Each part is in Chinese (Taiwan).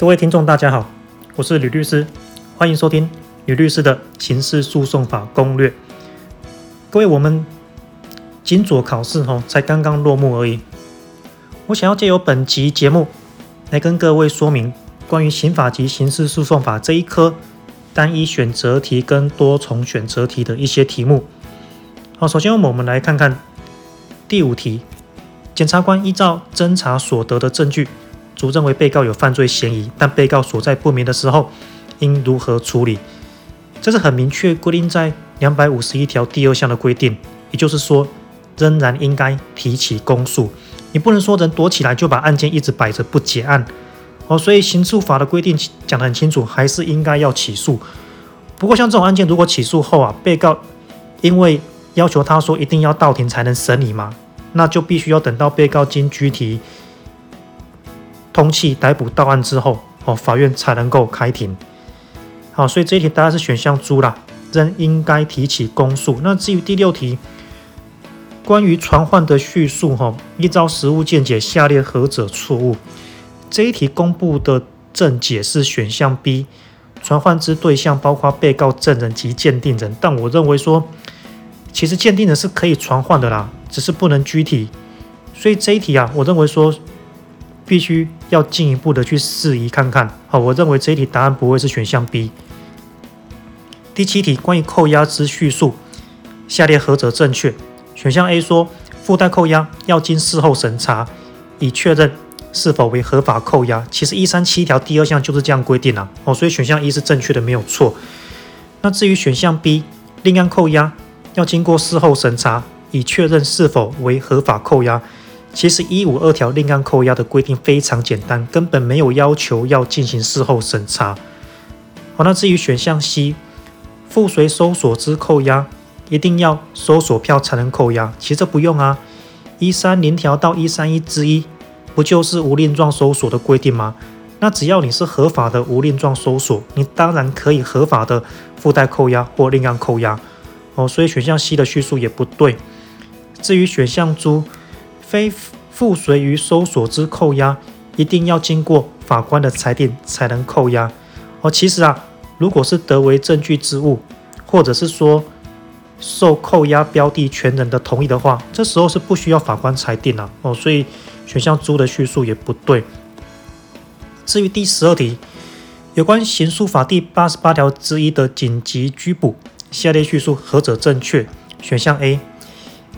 各位聽眾，大家好，我是呂律師，歡迎收聽呂律師的《刑事訴訟法攻略》。各位，我們警佐考試哦，才剛剛落幕而已。我想要借由本集節目來跟各位說明關於刑法及刑事訴訟法這一科單一選擇題跟多重選擇題的一些題目。好，首先我們來看看第五題：檢察官依照偵查所得的證據。主認為被告有犯罪嫌疑，但被告所在不明的時候，應如何處理？這是很明確規定在兩百五十一條第二項的規定，也就是說，仍然應該提起公訴。你不能說人躲起來就把案件一直擺着不結案哦。所以刑訴法的規定講得很清楚，還是應該要起訴。不過像這種案件，如果起訴後啊，被告因為要求他說一定要到庭才能審理嘛，那就必須要等到被告經拘提。通緝逮捕到案之後，哦，法院才能夠開庭。好，所以這一題答案是選項 Z 啦，仍應該提起公訴。那至於第六題，關於傳喚的敘述，哈，依照實務見解，下列何者錯誤？這一題公布的正解是選項 B，傳喚之對象包括被告、證人及鑑定人。但我認為說，其實鑑定人是可以傳喚的啦，只是不能拘提。所以這一題啊，我認為說。必須要進一步的去質疑看看。好，我認為這一題答案不會是選項 B。第七題，關於扣押之敘述，下列何者正確？選項 A 說，附帶扣押要經事後審查，以確認是否為合法扣押。其實一三七條第二項就是這樣規定了啊。哦，所以選項一是正確的，沒有錯。那至於選項 B，另案扣押要經過事後審查，以確認是否為合法扣押。其實一五二條另案扣押的規定非常簡單，根本沒有要求要進行事後審查。好，那至於選項 C，附隨搜索之扣押一定要搜索票才能扣押，其實不用啊。一三零條到一三一之一不就是無令狀搜索的規定嗎？那只要你是合法的無令狀搜索，你當然可以合法的附帶扣押或另案扣押。哦，所以選項 C 的敘述也不對。至於選項 D，非附隨於搜索之扣押，一定要經過法官的裁定才能扣押。哦，其實啊，如果是得為證據之物，或者是說受扣押標的權人的同意的話，這時候是不需要法官裁定的啊。哦，所以選項 Z 的敘述也不對。至於第十二題，有關刑訴法第八十八條之一的緊急拘捕，下列敘述何者正確？選項 A，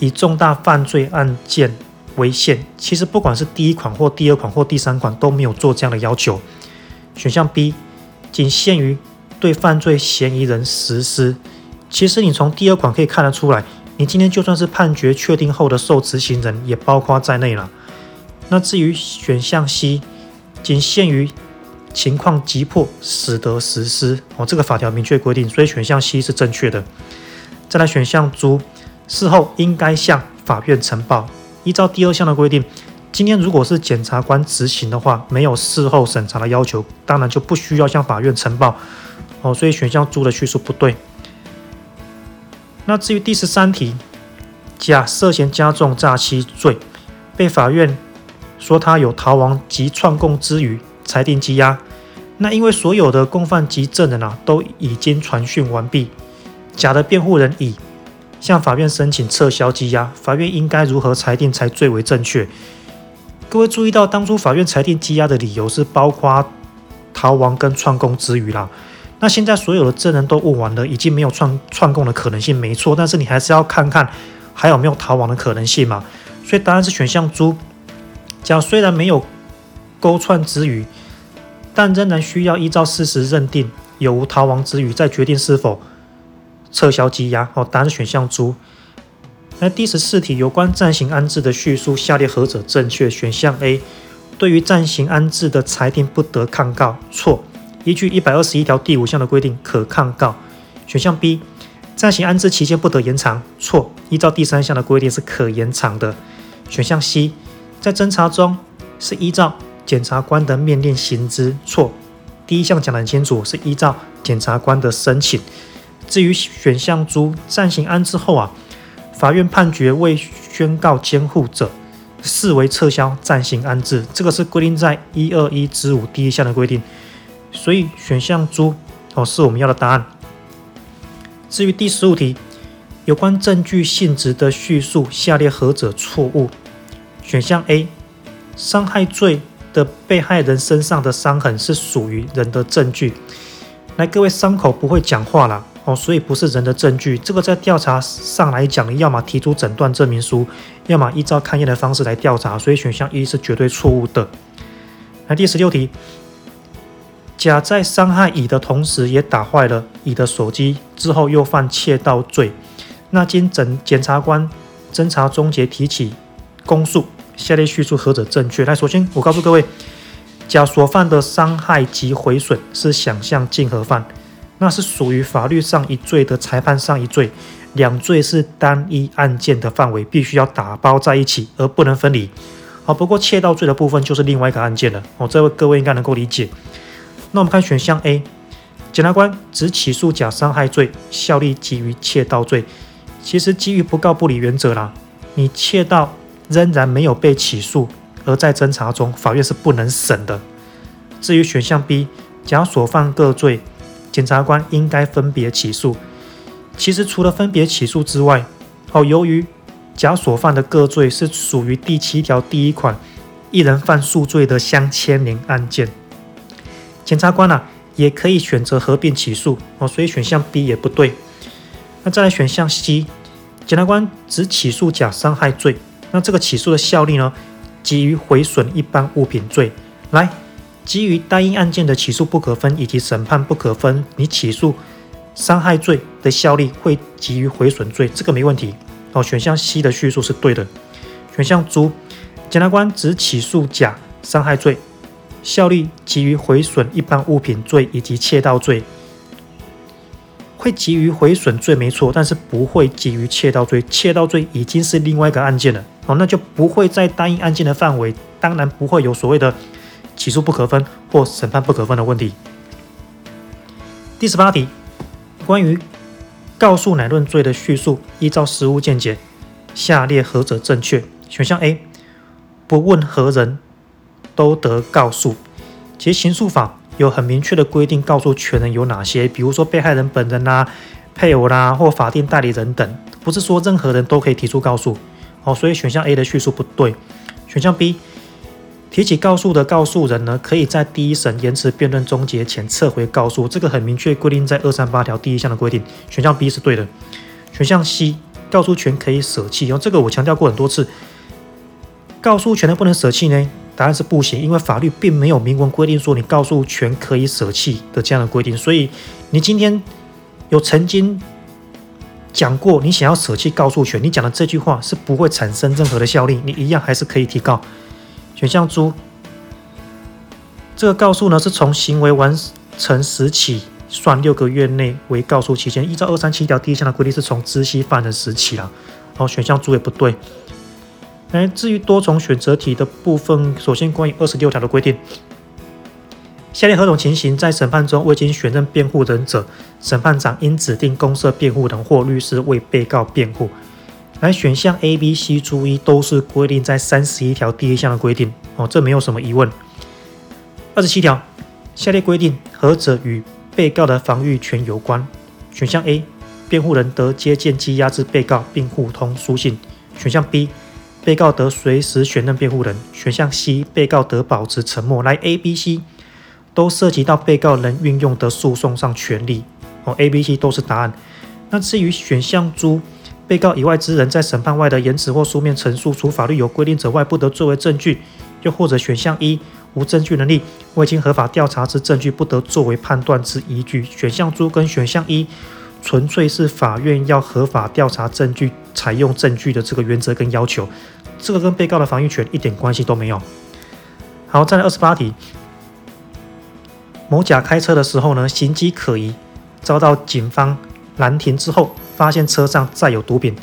以重大犯罪案件。為限，其實不管是第一款或第二款或第三款都沒有做這樣的要求。選項 B 僅限於對犯罪嫌疑人實施，其實你從第二款可以看得出來，你今天就算是判決確定後的受執行人也包括在內了。那至於選項 C 僅限於情況急迫始得實施哦，這個法條明確規定，所以選項 C 是正確的。再來選項 D 事後應該向法院呈報。依照第二項的規定，今天如果是檢察官執行的話，沒有事後審查的要求，當然就不需要向法院呈報。哦，所以選項 Z 的敘述不對。那至於第十三題，甲涉嫌加重詐欺罪，被法院說他有逃亡及串供之虞，裁定羈押。那因為所有的共犯及證人啊，都已經傳訊完畢，甲的辯護人乙。向法院申請撤銷羈押，法院應該如何裁定才最為正確？各位注意到，當初法院裁定羈押的理由是包括逃亡跟串供之虞啦。那現在所有的證人都問完了，已經沒有串串供的可能性，沒錯。但是你還是要看看還有沒有逃亡的可能性嘛。所以答案是選項豬講，雖然沒有勾串之虞，但仍然需要依照事實認定有無逃亡之虞，再決定是否撤銷羈押或答案選項 Z。那第十四題有關暫行安置的敘述，下列何者正確？選項 A，對於暫行安置的裁定不得抗告，錯。依據一百二十一條第五項的規定，可抗告。選項 B，暫行安置期間不得延長，錯。依照第三項的規定是可延長的。選項 C，在偵查中是依照檢察官的命令行之，錯。第一項講得很清楚，是依照檢察官的申請。至於選項豬，暫行安置後啊，法院判決未宣告監護者，視為撤銷暫行安置，這個是規定在一二一之五第一項的規定，所以選項豬哦是我們要的答案。至於第十五題，有關證據性質的敘述，下列何者錯誤？選項 A，傷害罪的被害人身上的傷痕是屬於人的證據。來，各位傷口不會講話了。所以不是人的證據，這個在調查上來講，要麼提出診斷證明書，要麼依照勘驗的方式來調查。所以選項一是絕對錯誤的。那第十六題，甲在傷害乙的同時，也打壞了乙的手機，之後又犯竊盜罪。那經檢檢察官偵查終結提起公訴，下列敘述何者正確？來，首先我告訴各位，甲所犯的傷害及毀損是想象競合犯。那是屬於法律上一罪的，裁判上一罪，兩罪是單一案件的範圍，必須要打包在一起，而不能分離。好，不過竊盜罪的部分就是另外一個案件了。我、哦、這位各位應該能夠理解。那我們看選項 A，檢察官只起訴甲傷害罪，效力及於竊盜罪，其實基於不告不理原則啦。你竊盜仍然沒有被起訴，而在偵查中，法院是不能審的。至於選項 B，甲所犯各罪。檢察官應該分別起訴。其實除了分別起訴之外，哦，由於甲所犯的各罪是屬於第七條第一款一人犯數罪的相牽連案件，檢察官啊也可以選擇合併起訴。哦，所以選項 B 也不對。那再來選項 C，檢察官只起訴甲傷害罪，那這個起訴的效力呢，及於毀損一般物品罪來。基於單一案件的起訴不可分以及審判不可分，你起訴傷害罪的效力會及於毀損罪，這個沒問題。哦、選項 C 的敘述是對的。選項 Z，檢察官只起訴甲傷害罪，效力及於毀損一般物品罪以及竊盜罪，會及於毀損罪沒錯，但是不會及於竊盜罪，竊盜罪已經是另外一個案件了。哦，那就不會在單一案件的範圍，當然不會有所謂的。起訴不可分或審判不可分的問題。第十八題，關於告訴乃論罪的敘述，依照實務見解，下列何者正確？選項 A，不問何人都得告訴，其實刑訴法有很明確的規定，告訴權人有哪些，比如說被害人本人啦、啊、配偶啦、啊、或法定代理人等，不是說任何人都可以提出告訴。哦，所以選項 A 的敘述不對。選項 B。提起告訴的告訴人呢，可以在第一審延遲辯論終結前撤回告訴，這個很明確規定在二三八條第一項的規定。選項 B 是對的，選項 C 告訴權可以捨棄，因為這個我強調過很多次，告訴權能不能舍棄呢？答案是不行，因為法律並沒有明文規定說你告訴權可以捨棄的這樣的規定，所以你今天有曾經講過你想要舍棄告訴權，你講的這句話是不會產生任何的效力，你一樣還是可以提告。選項豬，這個告訴呢，是從行為完成時起算，六個月內為告訴期間。依照二三七條第一項的規定，是從知悉犯人時起。然後選項豬也不對。哎，至於多重選擇題的部分，首先關於二十六條的規定，下列何種情形在審判中未經選任辯護人者，審判長應指定公設辯護人或律師為被告辯護？來，選項 A、B、C、豬一都是規定在三十一條第一項的規定哦，這沒有什麼疑問。二十七條，下列規定何者與被告的防御權有關？選項 A，辯護人得接見羈押之被告並互通書信；選項 B，被告得隨時選任辯護人；選項 C，被告得保持沉默。來，A、B、C 都涉及到被告人運用的訴訟上權利哦，A、B、C 都是答案。那至於選項 D。被告以外之人在審判外的言詞或書面陳述，除法律有規定者外，不得作為證據。又或者選項一無證據能力，未經合法調查之證據不得作為判斷之依據。選項中跟選項一純粹是法院要合法調查證據、採用證據的這個原則跟要求，這個跟被告的防禦權一點關係都沒有。好，再來二十八題。某甲開車的時候呢，行跡可疑，遭到警方攔停之後，發現車上載有毒品，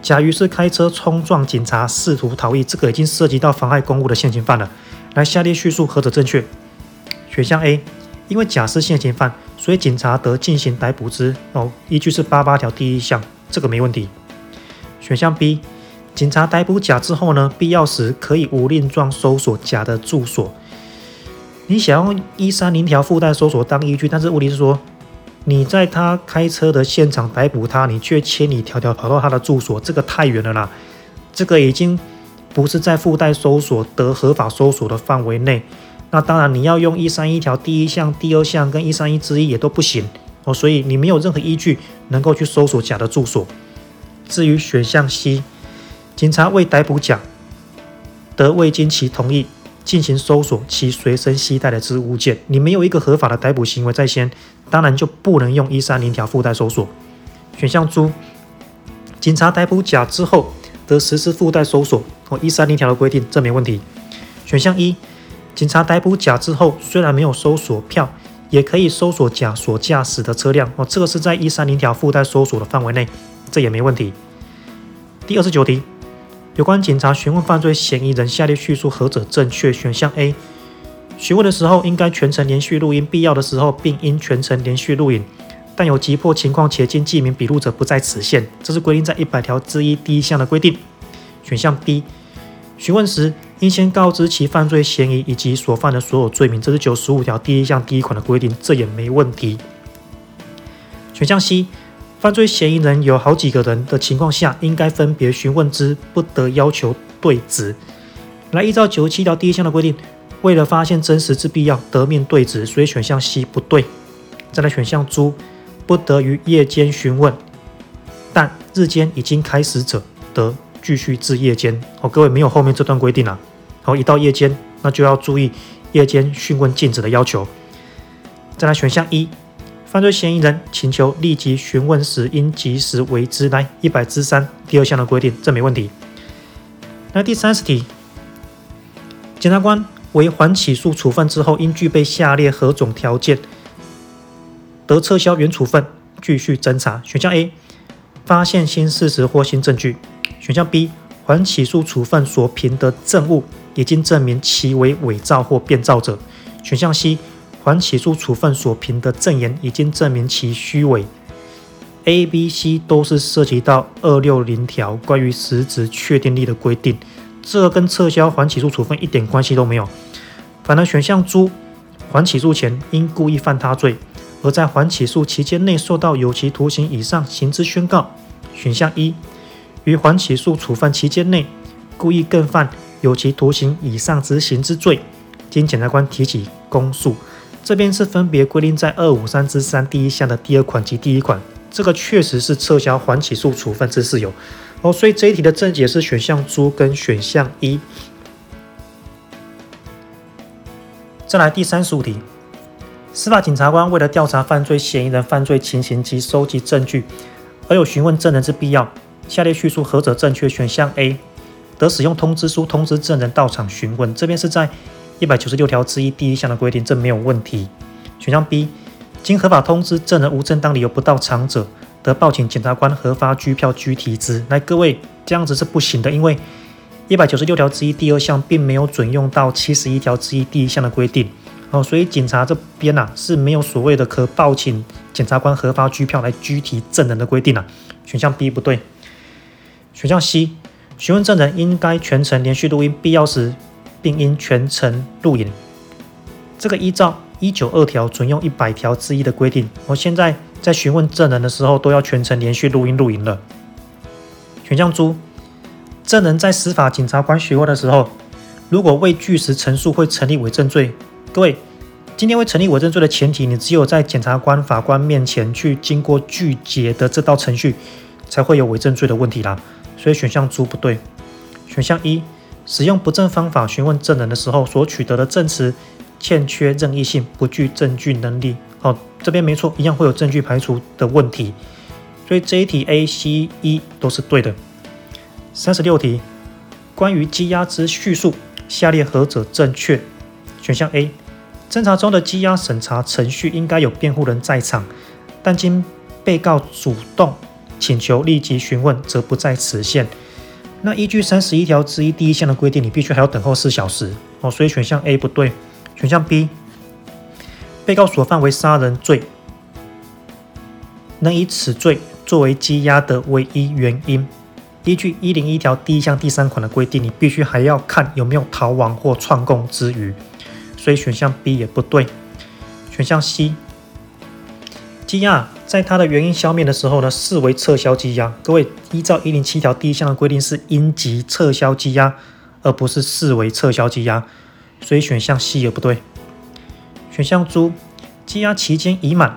甲於是開車衝撞警察，試圖逃逸。這個已經涉及到妨害公務的現行犯了。來，下列敘述何者正確？選項 A，因為甲是現行犯，所以警察得進行逮捕之哦，依據是八八條第一項，這個沒問題。選項 B，警察逮捕甲之後呢，必要時可以無令狀搜索甲的住所。你想用一三零條附帶搜索當依據，但是問題是說。你在他開車的現場逮捕他，你卻千里迢迢跑到他的住所，這個太遠了啦，這個已經不是在附帶搜索得合法搜索的範圍內。那當然，你要用一三一條第一項、第二項跟一三一之一也都不行哦，所以你沒有任何依據能夠去搜索甲的住所。至於選項 C，警察為逮捕甲，得未經其同意，進行搜索其隨身攜帶的之物件，你沒有一個合法的逮捕行為在先，當然就不能用一三零條附帶搜索。選項中，警察逮捕甲之後得實施附帶搜索，哦一三零條的規定，這沒問題。選項一，警察逮捕甲之後雖然沒有搜索票，也可以搜索甲所駕駛的車輛，哦這個是在一三零條附帶搜索的範圍內，這也沒問題。第二十九題。有關警察詢問犯罪嫌疑人，下列敘述何者正確？選項 A，詢問的時候應該全程連續錄音，必要的時候並應全程連續錄影，但有急迫情況且經記明筆錄者不在此限，這是規定在一百條之一第一項的規定。選項 B，詢問時應先告知其犯罪嫌疑，以及所犯的所有罪名，這是九十五條第一項第一款的規定，這也沒問題。選項 C。犯罪嫌疑人有好幾個人的情況下，應該分別詢問之，不得要求對質。來，依照九十七條第一項的規定，為了發現真實之必要，得面對質，所以選項 C 不對。再來，選項 D 不得於夜間詢問，但日間已經開始者，得繼續至夜間。哦，各位沒有後面這段規定了啊。好，一到夜間，那就要注意夜間詢問禁止的要求。再來，選項 E。犯罪嫌疑人請求立即詢問時，應及時為之。來。來一百之三第二項的規定，這沒問題。那第三十題，檢察官為緩起訴處分之後，應具備下列何種條件得撤銷原處分，繼續偵查？選項 A，發現新事實或新證據；選項 B，緩起訴處分所憑的證物已經證明其為偽造或變造者；選項 C。緩起訴處分所憑的證言已經證明其虛偽。A、B、C 都是涉及到二六零條關於實質確定力的規定，這跟撤銷緩起訴處分一點關係都沒有。反而選項，朱緩起訴前因故意犯他罪，而在緩起訴期間內受到有期徒刑以上刑之宣告；選項一於緩起訴處分期間內故意更犯有期徒刑以上之刑之罪，經檢察官提起公訴。這邊是分別規定在二五三之三第一項的第二款及第一款，這個確實是撤銷緩起訴處分之事由。哦，所以這一題的正解是選項豬跟選項一。再來第三十五題，司法警察官為了調查犯罪嫌疑人犯罪情形及收集證據，而有詢問證人之必要，下列敘述何者正確？選項 A 得使用通知書通知證人到場詢問，這邊是在一百九十六條之一第一項的規定，這沒有問題。選項 B，經合法通知證人無正當理由不到場者，得報請檢察官核发拘票拘提之。來，各位這樣子是不行的，因為一百九十六條之一第二項並沒有準用到七十一條之一第一項的規定。哦，所以警察這邊呐、啊、是沒有所謂的可報請檢察官核发拘票來拘提證人的規定啊。選項 B 不對。選項 C，詢問證人應該全程連續錄音，必要時。並應全程錄影。這個依照一九二條準用一百條之一的規定，我現在在詢問證人的時候都要全程連續錄音錄影了。選項豬，證人在司法警察官詢問的時候，如果未據實陳述會成立偽證罪。各位，今天會成立偽證罪的前提，你只有在檢察官、法官面前去經過具結的這道程序，才會有偽證罪的問題啦。所以選項豬不對。選項一。使用不正方法詢問證人的時候，所取得的證詞欠缺任意性，不具證據能力。好、哦，這邊沒錯，一樣會有證據排除的問題。所以這一題 A、C、E 都是對的。三十六題，關於羈押之敘述，下列何者正確？選項 A：偵查中的羈押審查程序應該有辯護人在場，但經被告主動請求立即詢問，則不在此限。那依據三十一條之一第一項的規定，你必須還要等候四小時哦，所以選項 A 不對。選項 B，被告所犯為殺人罪，能以此罪作為羈押的唯一原因。依據一零一條第一項第三款的規定，你必須還要看有沒有逃亡或串供之虞，所以選項 B 也不對。選項 C，羈押。在它的原因消滅的時候呢，視為撤銷羈押。各位依照一百零七條第一項的規定是應即撤銷羈押，而不是視為撤銷羈押，所以選項 C 也不對。選項 D，羈押期間已滿，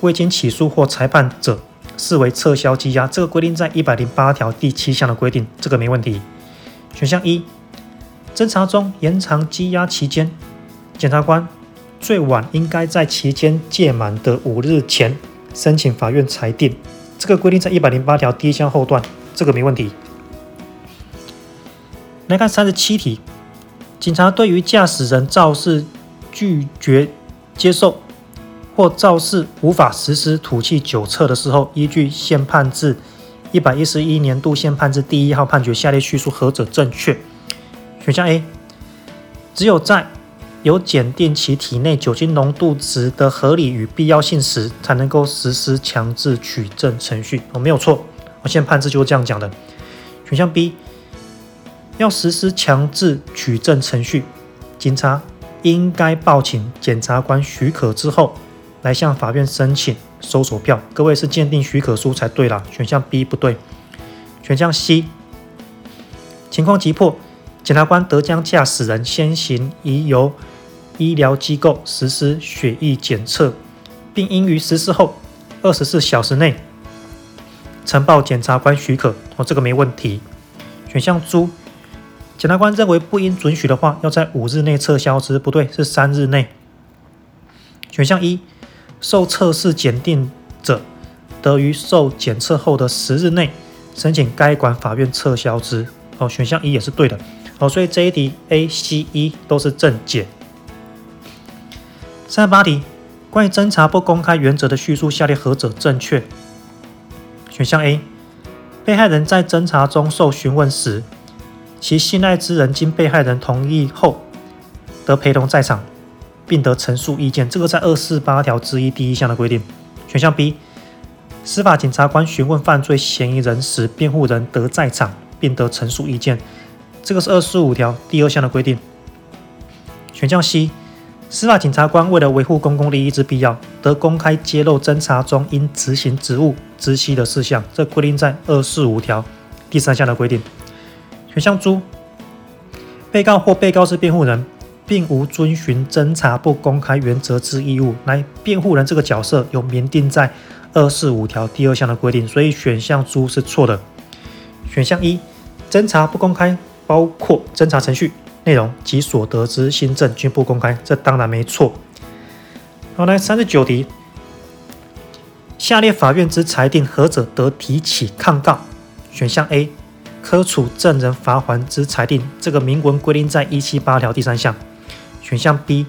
未經起訴或裁判者，視為撤銷羈押。這個規定在一百零八條第七項的規定，這個沒問題。選項一，偵查中延長羈押期間，檢察官最晚應該在期間屆滿的五日前申請法院裁定，這個規定在一百零八條第一項後段，這個沒問題。來看三十七題：警察對於駕駛人肇事拒絕接受或肇事無法實施吐氣酒測的時候，依據憲判字一百一十一年度憲判字第一號判決，下列敘述何者正確？選項 A，只有在有檢定其體內酒精濃度值的合理與必要性時，才能夠實施強制取證程序。我、哦、沒有錯，我現在判字就是這樣講的。選項 B，要實施強制取證程序，警察應該報請檢察官許可之後，來向法院申請搜索票。各位是鑑定許可書才對啦，選項 B 不對。選項 C，情況急迫，檢察官得將駕駛人先行移由。醫療機構實施血液檢測，並應於實施後二十四小時內呈報檢察官許可。哦，這個沒問題。選項豬，檢察官認為不應准許的話，要在五日內撤銷之。不對，是三日內。選項一，受測試檢定者得於受檢測後的十日內申請該管法院撤銷之。哦，選項一也是對的。哦，所以這一題 A、C、E 都是正解。三十八題，關於偵查不公開原則的敘述，下列何者正確？選項 A，被害人在偵查中受詢問時，其信賴之人經被害人同意後得陪同在場，並得陳述意見。這個是在二四八條之一第一項的規定。選項 B，司法警察官詢問犯罪嫌疑人時，辯護人得在場，並得陳述意見。這個是二四五條第二項的規定。選項 C。司法警察官為了維護公共利益之必要，得公開揭露偵查中因執行職務、知悉的事項。這規定在二四五條第三項的規定。選項豬，被告或被告之辯護人，並無遵循偵查不公開原則之義務。來，辯護人這個角色有明定在二四五條第二項的規定，所以選項豬是錯的。選項一，偵查不公開包括偵查程序內容及所得之新政，均不公開，這當然沒錯。好，來三十九題：下列法院之裁定何者得提起抗告？選項 A：科處證人罰鍰之裁定，這個明文規定在一七八條第三項；選項 B：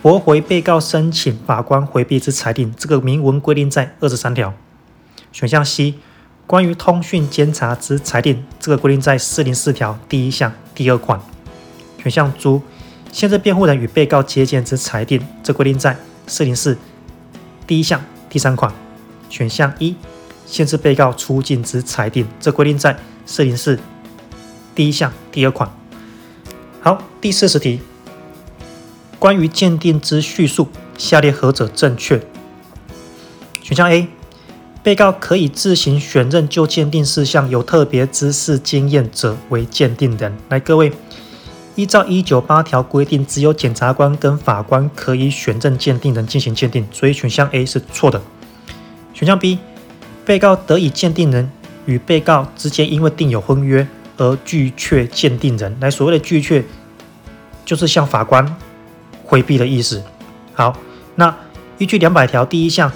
駁回被告申請法官回避之裁定，這個明文規定在二十三條；選項 C：關於通訊監察之裁定，這個規定在四零四條第一項第二款。選項：Z，限制辯護人與被告接見之裁定，這規定在四零四第一項第三款。選項一，限制被告出境之裁定，這規定在四零四第一項第二款。好，第四十題，關於鑑定之敘述，下列何者正確？選項 A，被告可以自行選任就鑑定事項有特別知識經驗者為鑑定人。來，各位。依照一九八條規定，只有檢察官跟法官可以選任鑑定人進行鑑定，所以選項 A 是錯的。選項 B，被告得以鑑定人與被告之間因為訂有婚約而拒卻鑑定人，來所謂的拒卻就是向法官回避的意思。好，那依據兩百條第一項，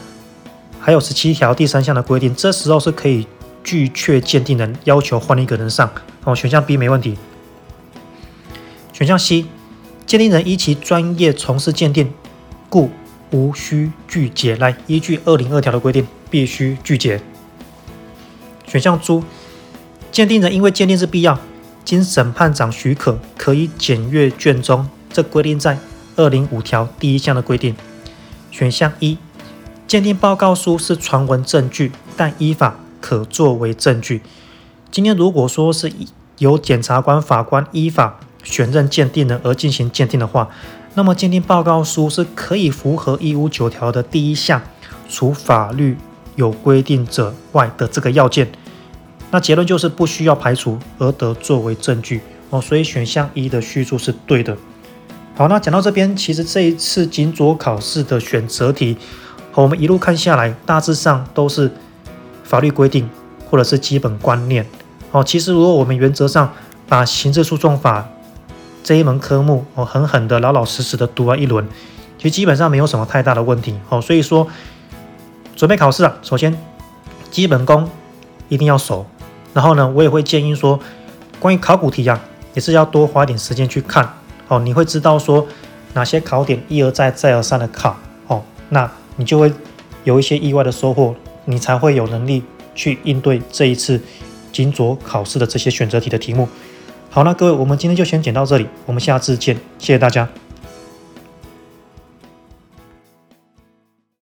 還有十七條第三項的規定，這時候是可以拒卻鑑定人，要求換一個人上。哦，選項 B 沒問題。選項 C，鑑定人依其專業從事鑑定，故無需具結。來，依據二零二條的規定，必須拒絕。選項 D，鑑定人因為鑑定是必要，經審判長許可，可以檢閱卷宗，這規定在二零五條第一項的規定。選項 E，鑑定報告書是傳聞證據，但依法可作為證據。今天如果說是由檢察官、法官依法。選任鑑定人而進行鑑定的話，那麼鑑定報告書是可以符合一五九條的第一項，除法律有規定者外的這個要件。那結論就是不需要排除而得作為證據哦。所以選項一的敘述是對的。好，那講到這邊，其實這一次警佐考試的選擇題，我們一路看下來，大致上都是法律規定或者是基本觀念。哦，其實如果我們原則上把刑事訴訟法，這一門科目，我、哦、狠狠的、老老實實的讀了一輪，其實基本上沒有什麼太大的問題哦。所以說，準備考試啊，首先基本功一定要熟，然後呢，我也會建議說，關於考古題啊，也是要多花點時間去看哦，你會知道說哪些考點一而再、再而三的考哦，那你就會有一些意外的收穫，你才會有能力去應對這一次警佐考試的這些選擇題的題目。好了，那各位，我們今天就先講到這裡，我們下次見，謝謝大家。